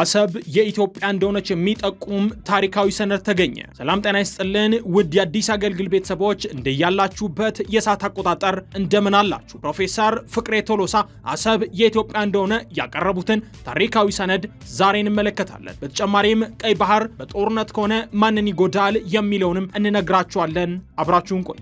አሰብ የኢትዮጵያ እንደሆነች የሚጠቁም ታሪካዊ ሰነድ ተገኘ። ሰላም ጤና ይስጥልን ውድ የአዲስ አገልግል ቤተሰቦች እንደያላችሁበት የሰዓት አቆጣጠር እንደምን አላችሁ? ፕሮፌሰር ፍቅሬ ቶሎሳ አሰብ የኢትዮጵያ እንደሆነ ያቀረቡትን ታሪካዊ ሰነድ ዛሬ እንመለከታለን። በተጨማሪም ቀይ ባህር በጦርነት ከሆነ ማንን ይጎዳል የሚለውንም እንነግራችኋለን። አብራችሁን ቆዩ።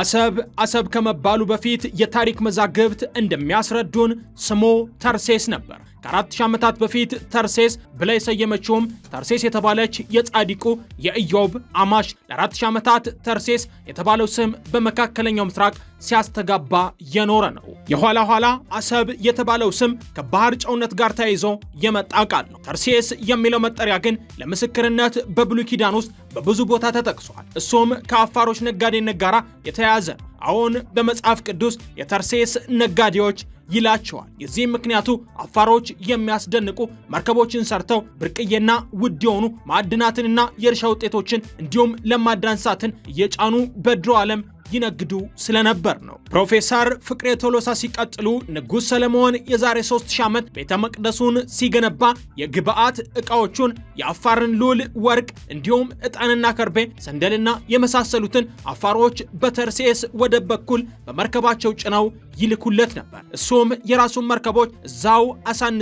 አሰብ አሰብ ከመባሉ በፊት የታሪክ መዛግብት እንደሚያስረዱን ስሙ ተርሴስ ነበር። ከአራት ሺህ ዓመታት በፊት ተርሴስ ብላ የሰየመችውም ተርሴስ የተባለች የጻዲቁ የኢዮብ አማሽ ለአራት ሺህ ዓመታት ተርሴስ የተባለው ስም በመካከለኛው ምስራቅ ሲያስተጋባ የኖረ ነው። የኋላ ኋላ አሰብ የተባለው ስም ከባህር ጨውነት ጋር ተያይዞ የመጣ ቃል ነው። ተርሴስ የሚለው መጠሪያ ግን ለምስክርነት በብሉይ ኪዳን ውስጥ በብዙ ቦታ ተጠቅሷል። እሱም ከአፋሮች ነጋዴነት ጋር የተያያዘ ነው። አሁን በመጽሐፍ ቅዱስ የተርሴስ ነጋዴዎች ይላቸዋል። የዚህም ምክንያቱ አፋሮች የሚያስደንቁ መርከቦችን ሰርተው ብርቅዬና ውድ የሆኑ ማዕድናትንና የእርሻ ውጤቶችን እንዲሁም ለማዳ እንስሳትን እየጫኑ በድሮ ዓለም ይነግዱ ስለነበር ነው። ፕሮፌሰር ፍቅሬ ቶሎሳ ሲቀጥሉ ንጉሥ ሰለሞን የዛሬ 3000 ዓመት ቤተ መቅደሱን ሲገነባ የግብዓት ዕቃዎቹን የአፋርን ሉል ወርቅ፣ እንዲሁም ዕጣንና ከርቤ፣ ሰንደልና የመሳሰሉትን አፋሮች በተርሴስ ወደብ በኩል በመርከባቸው ጭነው ይልኩለት ነበር። እሱም የራሱን መርከቦች እዛው አሳንጾ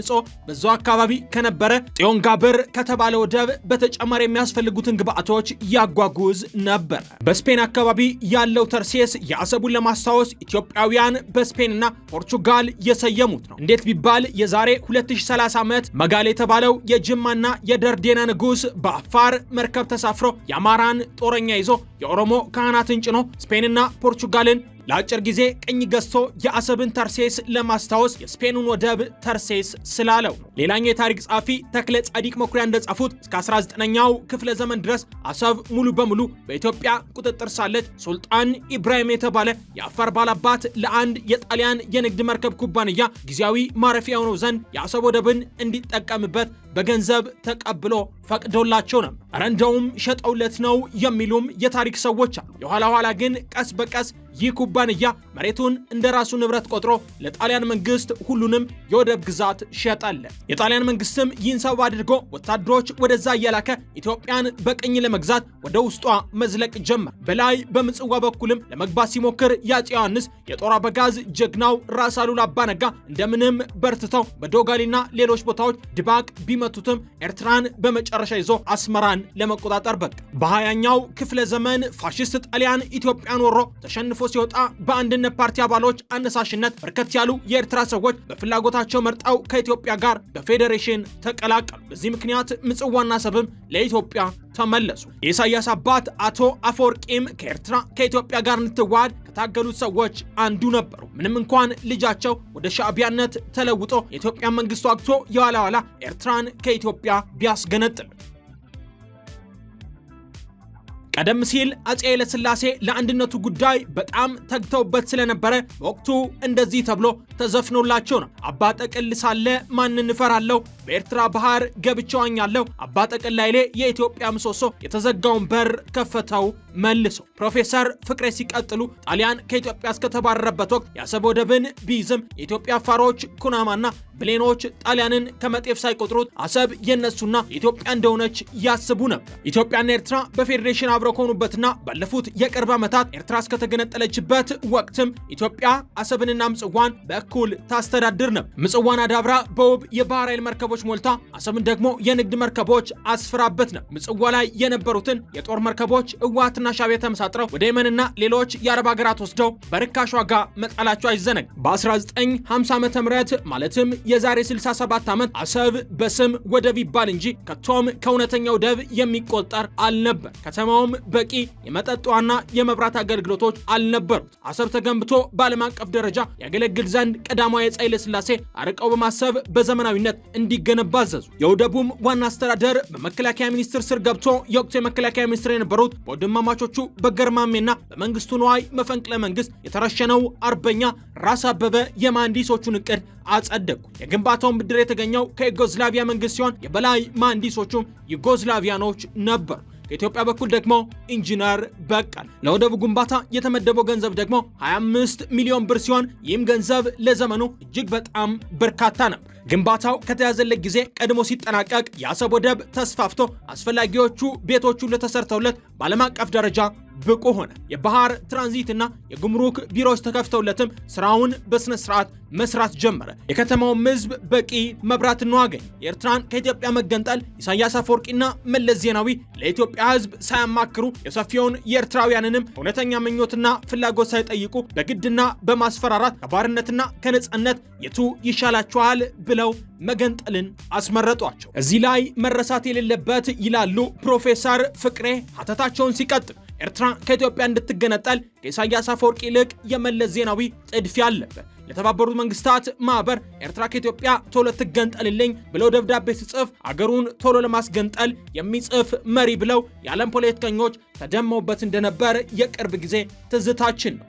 በዛው አካባቢ ከነበረ ጥዮን ጋብር ከተባለ ወደብ በተጨማሪ የሚያስፈልጉትን ግብዓቶች ያጓጉዝ ነበር። በስፔን አካባቢ ያለው ተርሴስ የአሰቡን ለማስታወስ ኢትዮጵያውያን በስፔንና ፖርቹጋል የሰየሙት ነው። እንዴት ቢባል የዛሬ 2030 ዓመት መጋሌ የተባለው የጅማና የደርዴና ንጉሥ በአፋር መርከብ ተሳፍሮ የአማራን ጦረኛ ይዞ የኦሮሞ ካህናትን ጭኖ ስፔንና ፖርቹጋልን ለአጭር ጊዜ ቅኝ ገዝቶ የአሰብን ተርሴስ ለማስታወስ የስፔኑን ወደብ ተርሴስ ስላለው ነው። ሌላኛው የታሪክ ጸሐፊ ተክለ ጻዲቅ መኩሪያ እንደጻፉት እስከ 19ኛው ክፍለ ዘመን ድረስ አሰብ ሙሉ በሙሉ በኢትዮጵያ ቁጥጥር ሳለች ሱልጣን ኢብራሂም የተባለ የአፋር ባላባት ለአንድ የጣሊያን የንግድ መርከብ ኩባንያ ጊዜያዊ ማረፊያ የሆነው ዘንድ የአሰብ ወደብን እንዲጠቀምበት በገንዘብ ተቀብሎ ፈቅዶላቸው ነው። እረ እንደውም ሸጠውለት ነው የሚሉም የታሪክ ሰዎች አሉ። የኋላ ኋላ ግን ቀስ በቀስ ይህ ኩባንያ መሬቱን እንደ ራሱ ንብረት ቆጥሮ ለጣሊያን መንግስት ሁሉንም የወደብ ግዛት ሸጠለት። የጣሊያን መንግስትም ይህን ሰበብ አድርጎ ወታደሮች ወደዛ እያላከ ኢትዮጵያን በቅኝ ለመግዛት ወደ ውስጧ መዝለቅ ጀመር። በላይ በምጽዋ በኩልም ለመግባት ሲሞክር የአፄ ዮሐንስ የጦር አበጋዝ ጀግናው ራስ አሉላ አባነጋ እንደምንም በርትተው በዶጋሊና ሌሎች ቦታዎች ድባቅ ቢመ የተመቱትም ኤርትራን በመጨረሻ ይዞ አስመራን ለመቆጣጠር በቃ። በሀያኛው ክፍለ ዘመን ፋሽስት ጣሊያን ኢትዮጵያን ወሮ ተሸንፎ ሲወጣ በአንድነት ፓርቲ አባሎች አነሳሽነት በርከት ያሉ የኤርትራ ሰዎች በፍላጎታቸው መርጠው ከኢትዮጵያ ጋር በፌዴሬሽን ተቀላቀሉ። በዚህ ምክንያት ምጽዋና ሰብም ለኢትዮጵያ ተመለሱ። የኢሳያስ አባት አቶ አፈወርቂም ከኤርትራ ከኢትዮጵያ ጋር እንትዋሃድ ከታገሉት ሰዎች አንዱ ነበሩ። ምንም እንኳን ልጃቸው ወደ ሻዕቢያነት ተለውጦ የኢትዮጵያ መንግስት ዋግቶ የኋላ ኋላ ኤርትራን ከኢትዮጵያ ቢያስገነጥል ቀደም ሲል አጼ ኃይለሥላሴ ለአንድነቱ ጉዳይ በጣም ተግተውበት ስለነበረ በወቅቱ እንደዚህ ተብሎ ተዘፍኖላቸው ነው። አባ ጠቅል ሳለ ማን እንፈራለሁ፣ በኤርትራ ባህር ገብቼ ዋኛለሁ፣ አባ ጠቅል ላይሌ የኢትዮጵያ ምሰሶ የተዘጋውን በር ከፈተው መልሶ ፕሮፌሰር ፍቅሬ ሲቀጥሉ ጣሊያን ከኢትዮጵያ እስከተባረረበት ወቅት የአሰብ ወደብን ቢይዝም የኢትዮጵያ አፋሮች፣ ኩናማና ብሌኖች ጣሊያንን ከመጤፍ ሳይቆጥሩት አሰብ የነሱና የኢትዮጵያ እንደሆነች ያስቡ ነበር። ኢትዮጵያና ኤርትራ በፌዴሬሽን አብረው ከሆኑበትና ባለፉት የቅርብ ዓመታት ኤርትራ እስከተገነጠለችበት ወቅትም ኢትዮጵያ አሰብንና ምጽዋን በእኩል ታስተዳድር ነበር። ምጽዋን አዳብራ በውብ የባህር ኃይል መርከቦች ሞልታ አሰብን ደግሞ የንግድ መርከቦች አስፍራበት ነው። ምጽዋ ላይ የነበሩትን የጦር መርከቦች እዋትና ሱዳንና ሻዕቢያ ተመሳጥረው ወደ የመንና ሌሎች የአረብ ሀገራት ወስደው በርካሽ ዋጋ መጣላቸው አይዘነግ። በ1950 ዓ ም ማለትም የዛሬ 67 ዓመት አሰብ በስም ወደብ ይባል እንጂ ከቶም ከእውነተኛው ደብ የሚቆጠር አልነበር። ከተማውም በቂ የመጠጥ የመብራት አገልግሎቶች አልነበሩት። አሰብ ተገንብቶ በዓለም አቀፍ ደረጃ ያገለግል ዘንድ ቀዳማዊ አፄ ኃይለሥላሴ አርቀው በማሰብ በዘመናዊነት እንዲገነባ አዘዙ። የወደቡም ዋና አስተዳደር በመከላከያ ሚኒስቴር ስር ገብቶ የወቅቱ የመከላከያ ሚኒስትር የነበሩት በወንድማማች ተመልካቾቹ በገርማሜና በመንግስቱ ነዋይ መፈንቅለ መንግስት የተረሸነው አርበኛ ራስ አበበ የመሐንዲሶቹን እቅድ አጸደቁ። የግንባታውን ብድር የተገኘው ከዩጎዝላቪያ መንግስት ሲሆን የበላይ መሐንዲሶቹም ዩጎዝላቪያኖች ነበሩ። ከኢትዮጵያ በኩል ደግሞ ኢንጂነር በቀል ለወደቡ ግንባታ የተመደበው ገንዘብ ደግሞ 25 ሚሊዮን ብር ሲሆን ይህም ገንዘብ ለዘመኑ እጅግ በጣም በርካታ ነው። ግንባታው ከተያዘለት ጊዜ ቀድሞ ሲጠናቀቅ የአሰብ ወደብ ተስፋፍቶ አስፈላጊዎቹ ቤቶቹ ተሰርተውለት በዓለም አቀፍ ደረጃ ብቁ ሆነ። የባህር ትራንዚትና የጉምሩክ ቢሮዎች ተከፍተውለትም ስራውን በስነ ስርዓት መስራት ጀመረ። የከተማውም ህዝብ በቂ መብራት ውሃ የኤርትራን ከኢትዮጵያ መገንጠል ኢሳያስ አፈወርቂና መለስ ዜናዊ ለኢትዮጵያ ህዝብ ሳያማክሩ የሰፊውን የኤርትራውያንንም እውነተኛ ምኞትና ፍላጎት ሳይጠይቁ በግድና በማስፈራራት ከባርነትና ከነጻነት የቱ ይሻላችኋል ብለው መገንጠልን አስመረጧቸው። እዚህ ላይ መረሳት የሌለበት ይላሉ ፕሮፌሰር ፍቅሬ ሀተታቸውን ሲቀጥል ኤርትራ ከኢትዮጵያ እንድትገነጠል ከኢሳያስ አፈወርቂ ይልቅ የመለስ ዜናዊ ጥድፊያ አለበት። ለተባበሩት መንግስታት ማህበር ኤርትራ ከኢትዮጵያ ቶሎ ትገንጠልልኝ ብለው ደብዳቤ ሲጽፍ አገሩን ቶሎ ለማስገንጠል የሚጽፍ መሪ ብለው የዓለም ፖለቲከኞች ተደመውበት እንደነበር የቅርብ ጊዜ ትዝታችን ነው።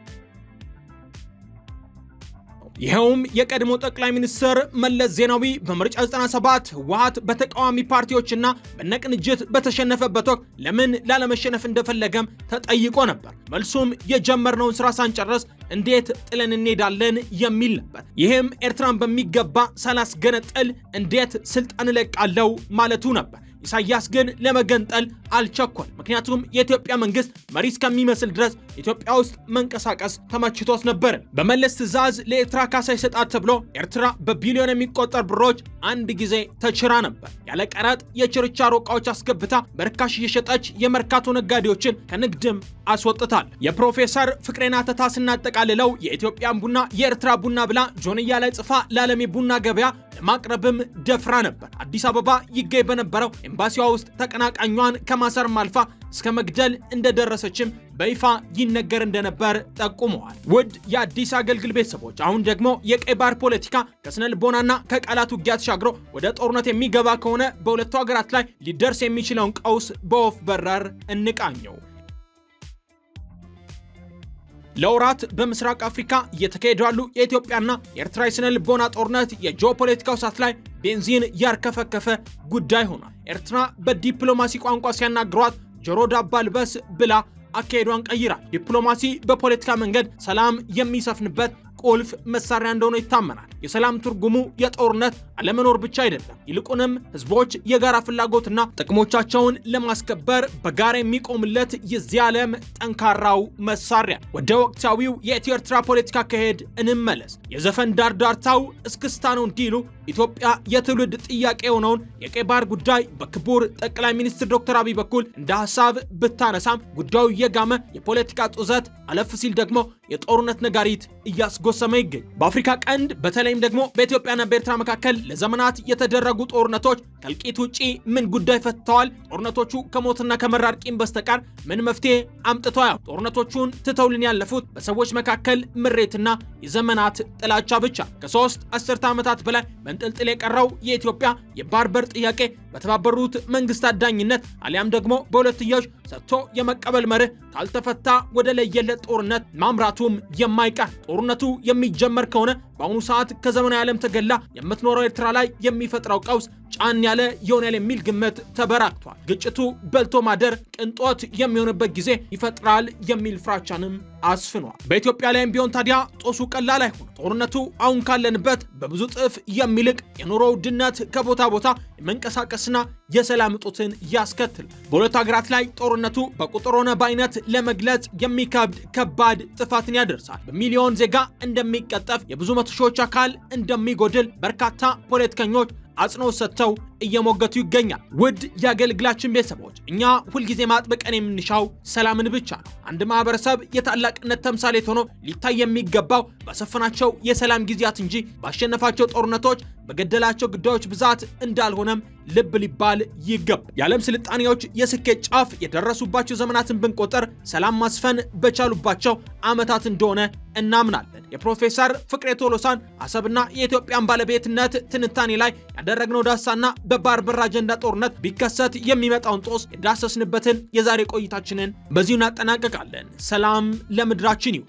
ይኸውም የቀድሞ ጠቅላይ ሚኒስትር መለስ ዜናዊ በምርጫ 97 ህወሀት በተቃዋሚ ፓርቲዎችና በነቅንጅት በተሸነፈበት ወቅት ለምን ላለመሸነፍ እንደፈለገም ተጠይቆ ነበር። መልሱም የጀመርነውን ስራ ሳንጨረስ እንዴት ጥለን እንሄዳለን የሚል ነበር። ይህም ኤርትራን በሚገባ ሳላስገነጥል እንዴት ስልጣን እለቃለሁ ማለቱ ነበር። ኢሳያስ ግን ለመገንጠል አልቸኮል። ምክንያቱም የኢትዮጵያ መንግስት መሪ እስከሚመስል ድረስ ኢትዮጵያ ውስጥ መንቀሳቀስ ተመችቶት ነበር። በመለስ ትእዛዝ ለኤርትራ ካሳ ይሰጣት ተብሎ ኤርትራ በቢሊዮን የሚቆጠር ብሮች አንድ ጊዜ ተችራ ነበር። ያለ ቀረጥ የችርቻሮ ዕቃዎች አስገብታ በርካሽ እየሸጠች የመርካቶ ነጋዴዎችን ከንግድም አስወጥታል። የፕሮፌሰር ፍቅሬና ተታ ስናጠቃልለው የኢትዮጵያን ቡና የኤርትራ ቡና ብላ ጆንያ ላይ ጽፋ ለዓለም ቡና ገበያ ለማቅረብም ደፍራ ነበር። አዲስ አበባ ይገኝ በነበረው ኤምባሲዋ ውስጥ ተቀናቃኟን ከማሰር ማልፋ እስከ መግደል እንደደረሰችም በይፋ ይነገር እንደነበር ጠቁመዋል። ውድ የአዲስ አገልግል ቤተሰቦች፣ አሁን ደግሞ የቀይ ባህር ፖለቲካ ከስነ ልቦናና ከቃላት ውጊያ ተሻግሮ ወደ ጦርነት የሚገባ ከሆነ በሁለቱ ሀገራት ላይ ሊደርስ የሚችለውን ቀውስ በወፍ በረር እንቃኘው። ለወራት በምስራቅ አፍሪካ እየተካሄዱ ያሉ የኢትዮጵያና የኤርትራ የስነ ልቦና ጦርነት የጂኦፖለቲካው እሳት ላይ ቤንዚን ያርከፈከፈ ጉዳይ ሆኗል። ኤርትራ በዲፕሎማሲ ቋንቋ ሲያናግሯት ጆሮ ዳባ ልበስ ብላ አካሄዷን ቀይራል። ዲፕሎማሲ በፖለቲካ መንገድ ሰላም የሚሰፍንበት ቁልፍ መሳሪያ እንደሆነ ይታመናል። የሰላም ትርጉሙ የጦርነት አለመኖር ብቻ አይደለም። ይልቁንም ህዝቦች የጋራ ፍላጎትና ጥቅሞቻቸውን ለማስከበር በጋራ የሚቆምለት የዚህ ዓለም ጠንካራው መሳሪያ። ወደ ወቅታዊው የኢትዮ ፖለቲካ አካሄድ እንመለስ። የዘፈን ዳርዳርታው እስክስታ ነው እንዲሉ ኢትዮጵያ የትውልድ ጥያቄ የሆነውን የቀይ ባህር ጉዳይ በክቡር ጠቅላይ ሚኒስትር ዶክተር አብይ በኩል እንደ ሀሳብ ብታነሳም ጉዳዩ እየጋመ የፖለቲካ ጡዘት አለፍ ሲል ደግሞ የጦርነት ነጋሪት እያስጎ እየጎሰመ ይገኝ። በአፍሪካ ቀንድ በተለይም ደግሞ በኢትዮጵያና በኤርትራ መካከል ለዘመናት የተደረጉ ጦርነቶች ከእልቂት ውጪ ምን ጉዳይ ፈትተዋል? ጦርነቶቹ ከሞትና ከመራር ቂም በስተቀር ምን መፍትሄ አምጥተው ያው ጦርነቶቹን ትተውልን ያለፉት በሰዎች መካከል ምሬትና የዘመናት ጥላቻ ብቻ። ከሶስት አስርተ ዓመታት በላይ መንጠልጥል የቀረው የኢትዮጵያ የባርበር ጥያቄ በተባበሩት መንግስታት ዳኝነት አሊያም ደግሞ በሁለትዮሽ ሰጥቶ የመቀበል መርህ ካልተፈታ ወደ ለየለት ጦርነት ማምራቱም የማይቀር ጦርነቱ የሚጀመር ከሆነ በአሁኑ ሰዓት ከዘመናዊ ዓለም ተገላ የምትኖረው ኤርትራ ላይ የሚፈጥረው ቀውስ ጫን ያለ ይሆናል የሚል ግምት ተበራክቷል። ግጭቱ በልቶ ማደር ቅንጦት የሚሆንበት ጊዜ ይፈጥራል የሚል ፍራቻንም አስፍኗል። በኢትዮጵያ ላይም ቢሆን ታዲያ ጦሱ ቀላል አይሆን። ጦርነቱ አሁን ካለንበት በብዙ ጥፍ የሚልቅ የኑሮ ውድነት ከቦታ ቦታ የመንቀሳቀስና የሰላም እጦትን ያስከትል። በሁለቱ ሀገራት ላይ ጦርነቱ በቁጥር ሆነ በአይነት ለመግለጽ የሚከብድ ከባድ ጥፋትን ያደርሳል። በሚሊዮን ዜጋ እንደሚቀጠፍ የብዙ መቶ ሺዎች አካል እንደሚጎድል በርካታ ፖለቲከኞች አጽንኦት ሰጥተው እየሞገቱ ይገኛል። ውድ የአገልግላችን ቤተሰቦች እኛ ሁልጊዜ ማጥበቀን የምንሻው ሰላምን ብቻ ነው። አንድ ማህበረሰብ የታላቅነት ተምሳሌት ሆኖ ሊታይ የሚገባው በሰፈናቸው የሰላም ጊዜያት እንጂ ባሸነፋቸው ጦርነቶች፣ በገደላቸው ግዳዮች ብዛት እንዳልሆነም ልብ ሊባል ይገባል። የዓለም ስልጣኔዎች የስኬት ጫፍ የደረሱባቸው ዘመናትን ብንቆጠር ሰላም ማስፈን በቻሉባቸው ዓመታት እንደሆነ እናምናለን። የፕሮፌሰር ፍቅሬ ቶሎሳን አሰብና የኢትዮጵያን ባለቤትነት ትንታኔ ላይ ያደረግነው ዳሳና በባርበራ አጀንዳ ጦርነት ቢከሰት የሚመጣውን ጦስ የዳሰስንበትን የዛሬ ቆይታችንን በዚሁ እናጠናቀቃለን። ሰላም ለምድራችን ይሁን።